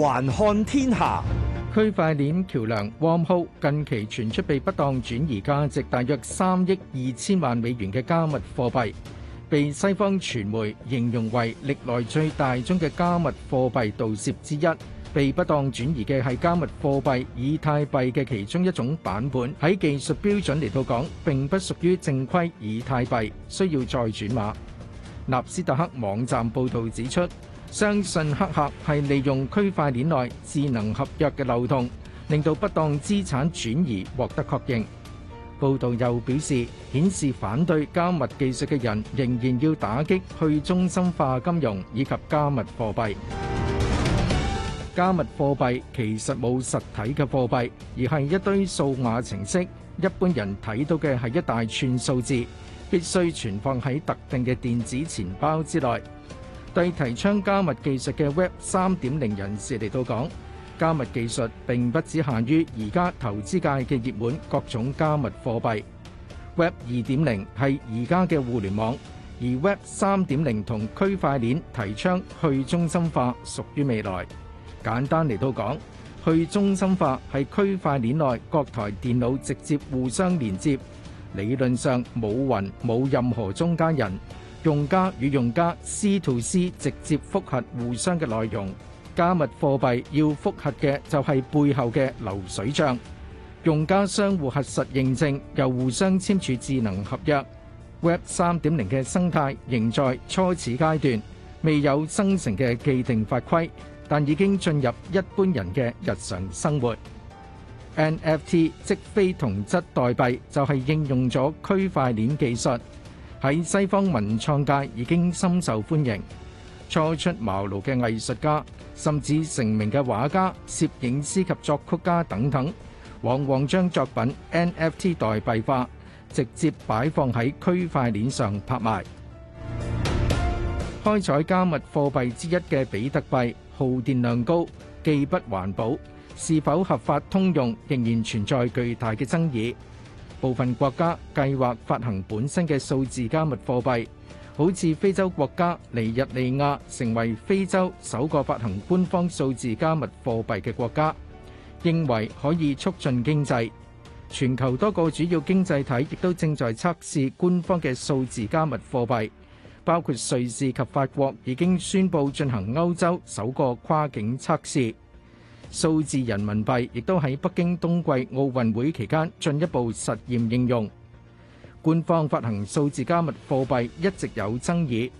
環看天下，區塊鏈橋樑 Wormhole 近期傳出被不當轉移價值大約三億二千萬美元嘅加密貨幣，被西方傳媒形容為歷來最大宗嘅加密貨幣盜竊之一。被不當轉移嘅係加密貨幣以太幣嘅其中一種版本，喺技術標準嚟到講，並不屬於正規以太幣，需要再轉碼。納斯達克網站報道指出。相信黑客係利用區塊鏈內智能合約嘅漏洞，令到不當資產轉移獲得確認。報道又表示，顯示反對加密技術嘅人仍然要打擊去中心化金融以及加密貨幣。加密貨幣其實冇實體嘅貨幣，而係一堆數碼程式。一般人睇到嘅係一大串數字，必須存放喺特定嘅電子錢包之內。對提倡加密技術嘅 Web 3.0人士嚟到講，加密技術並不只限於而家投資界嘅熱門各種加密貨幣。Web 2.0係而家嘅互聯網，而 Web 3.0同區塊鏈提倡去中心化，屬於未來。簡單嚟到講，去中心化係區塊鏈內各台電腦直接互相連接，理論上冇雲冇任何中間人。用家與用家，C to C 直接複核互相嘅內容。加密貨幣要複核嘅就係背後嘅流水帳。用家相互核實認證，又互相簽署智能合約。Web 三點零嘅生態仍在初始階段，未有生成嘅既定法規，但已經進入一般人嘅日常生活。NFT 即非同質代幣，就係應用咗區塊鏈技術。喺西方文創界已經深受歡迎，初出茅廬嘅藝術家，甚至成名嘅畫家、攝影師及作曲家等等，往往將作品 NFT 代幣化，直接擺放喺區塊鏈上拍賣。開採加密貨幣之一嘅比特幣，耗電量高，既不環保，是否合法通用，仍然存在巨大嘅爭議。部分國家計劃發行本身嘅數字加密貨幣，好似非洲國家尼日利亞成為非洲首個發行官方數字加密貨幣嘅國家，認為可以促進經濟。全球多個主要經濟體亦都正在測試官方嘅數字加密貨幣，包括瑞士及法國已經宣布進行歐洲首個跨境測試。數字人民幣亦都喺北京冬季奧運會期間進一步實驗應用。官方發行數字加密貨幣一直有爭議，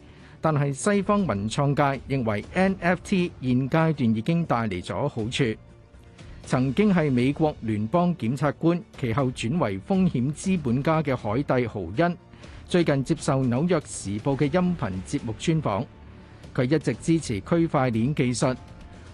但係西方文創界認為 NFT 現階段已經帶嚟咗好處。曾經係美國聯邦檢察官，其後轉為風險資本家嘅海蒂豪恩，最近接受紐約時報嘅音頻節目專訪，佢一直支持區塊鏈技術。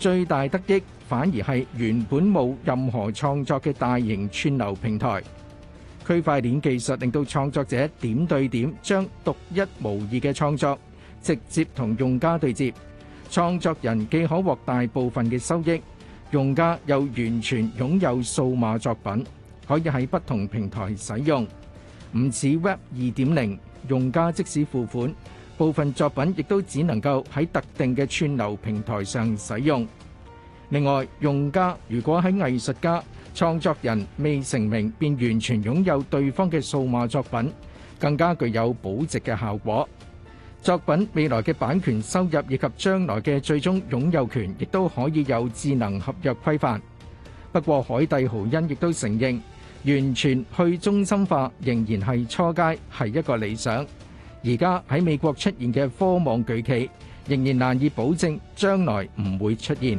最大得益反而係原本冇任何創作嘅大型串流平台，區塊鏈技術令到創作者點對點將獨一無二嘅創作直接同用家對接，創作人既可獲大部分嘅收益，用家又完全擁有數碼作品，可以喺不同平台使用，唔似 Web 二點零，用家即使付款。部分作品亦都只能夠喺特定嘅串流平台上使用。另外，用家如果喺藝術家、創作人未成名，便完全擁有對方嘅數碼作品，更加具有保值嘅效果。作品未來嘅版權收入以及將來嘅最終擁有權，亦都可以有智能合約規範。不過，海蒂豪恩亦都承認，完全去中心化仍然係初階，係一個理想。而家喺美國出現嘅科網巨企，仍然難以保證將來唔會出現。